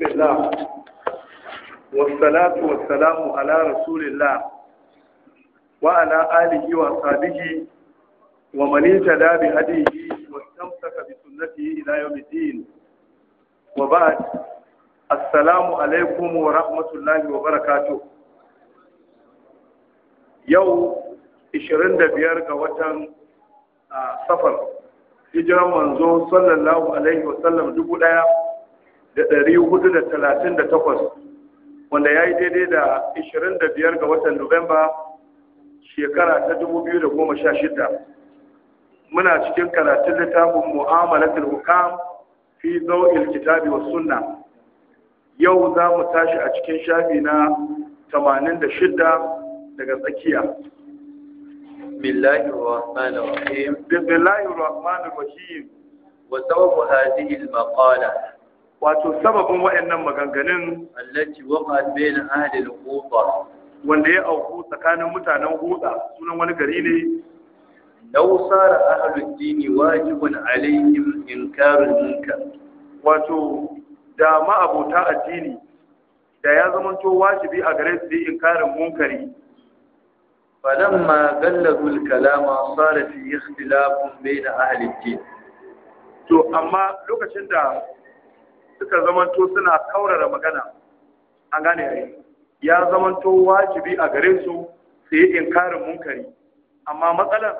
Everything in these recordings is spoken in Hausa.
بسم الله والصلاة والسلام على رسول الله وعلى آله وصحبه ومن اتدى بهديه واستمسك بسنته إلى يوم الدين وبعد السلام عليكم ورحمة الله وبركاته يوم 25 ga watan safar hijiran manzo sallallahu alaihi wasallam dubu ɗaya. da ɗari hudu da talatin da takwas wanda ya yi daidai da ishirin da biyar ga watan nuwamba shekara ta dubu biyu da goma sha shida muna cikin karatun littafin mu'amalatul hukam fi zau'il kitabi wa sunna yau za mu tashi a cikin shafi na tamanin da shida daga tsakiya بسم الله الرحمن الرحيم بسم الله الرحمن الرحيم وسبب هذه المقاله wato sababin waɗannan maganganun allati waqa'at bayna ahli al-quba wanda ya auku tsakanin mutanen huda sunan wani gari ne law sara ahli dini wajibun alaihim inkarul munkar wato da ma abota addini da ya zama to wajibi a gare su yi inkarin munkari falamma gallazu al-kalama sara ikhtilafun bayna ahli ad-din to amma lokacin da suka zamanto suna kaurara magana an gane yi. ya zamanto wajibi a gare su su yi inkarin munkari amma matsalar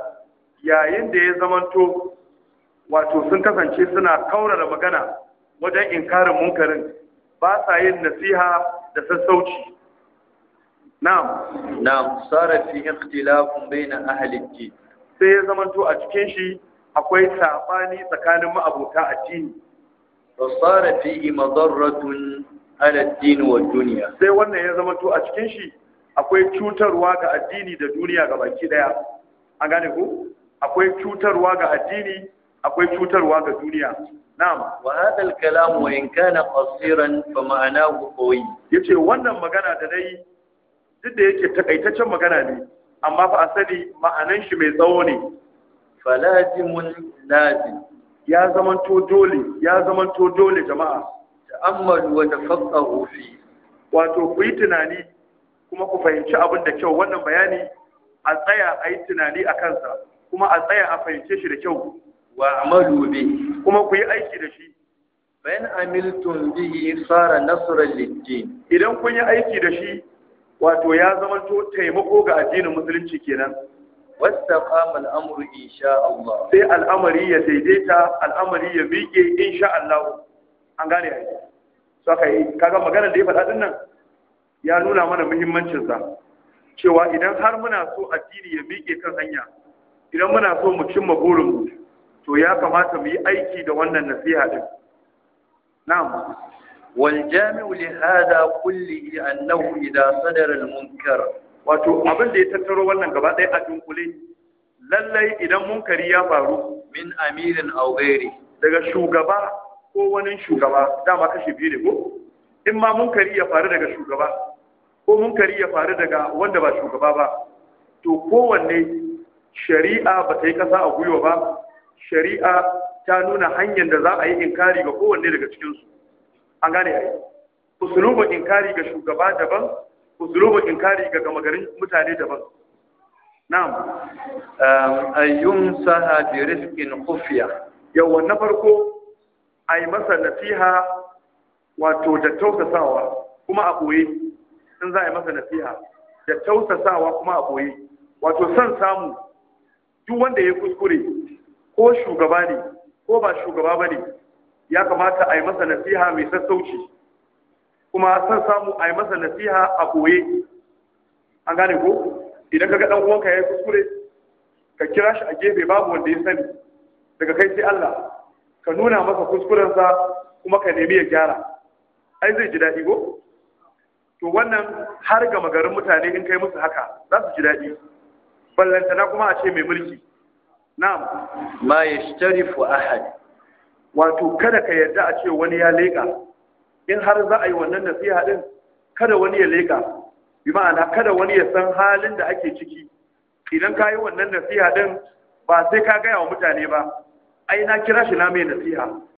yayin da ya zamanto wato sun kasance suna kaurara magana wajen inkarin munkarin ba sa yin nasiha da sassauci na'am na'am sara fi ikhtilafun bayna ahli sai ya zamanto a cikin shi akwai sabani tsakanin ma'abota addini fasara fihi madarratun ala ad-din wa duniya. sai wannan ya zama to a cikin shi akwai cutarwa ga addini da duniya ga baki daya an gane ku akwai cutarwa ga addini akwai cutarwa ga duniya na'am wa hada al-kalam wa in kana qasiran fa ma'anahu qawi yace wannan magana da dai duk da yake takaitaccen magana ne amma fa asali ma'anan shi mai tsawo ne falazimun lazim ya zamanto dole ya zamanto dole jama'a ta'ammalu wa tafaqahu fi wato ku yi tunani kuma ku fahimci abin da kyau wannan bayani a tsaya a yi tunani a kansa kuma a tsaya a fahimce shi da kyau wa amalu bi kuma ku yi aiki da shi bayan amiltun bihi sara nasran lid-din idan kun yi aiki da shi wato ya zamanto taimako ga addinin musulunci kenan واستقام الامر ان شاء الله sai al'amari ya daidaita al'amari ya miƙe in sha Allah an gane ai so kai kaga magana da ya faɗa din nan ya nuna mana muhimmancin sa cewa idan har muna so addini ya miƙe kan hanya idan muna so mu cimma burin mu to ya kamata mu yi aiki da wannan nasiha din na'am wal jami'u li hada kullihi annahu idha sadara al munkar wato abin da ya tattaro wannan gaba ɗaya a dunkule lallai idan munkari ya faru min amirin auberi daga shugaba ko wani shugaba dama kashi biyu ne ko in ma munkari ya faru daga shugaba ko munkari ya faru daga wanda ba shugaba ba to kowanne shari'a ba ta yi kasa a gwiwa ba shari'a ta nuna hanyar da za a yi inkari ga kowanne daga cikinsu an gane ai usulubin inkari ga shugaba daban in inkari ga gamagarin mutane daban na'am ehm, ayyun saha bi rizqin khufiya yawa na farko ai masa nasiha wato da tausasawa kuma a boye in za a yi masa nasiha da tausasawa kuma a boye wato san samu duk wanda ya kuskure ko shugaba ne ko ba shugaba ba ne ya kamata a yi masa nasiha mai sassauci kuma san samu a yi masa nasiha a koye an gane ko idan ka ga dan uwanka yayi kuskure ka kira shi a gefe babu wanda ya sani daga kai sai Allah ka nuna masa kuskurensa kuma ka nemi ya gyara ai zai ji daɗi ko to wannan har ga magarin mutane in kai musu haka za su ji daɗi ballantana kuma a ce mai mulki na'am ma yashtarifu ahad wato kada ka yarda a ce wani ya leƙa in har za a yi wannan nasiha din kada wani ya leka bi ma'ana kada wani ya san halin da ake ciki idan ka yi wannan nasiha din ba sai ka gaya wa mutane ba ai na kira shi na mai nasiha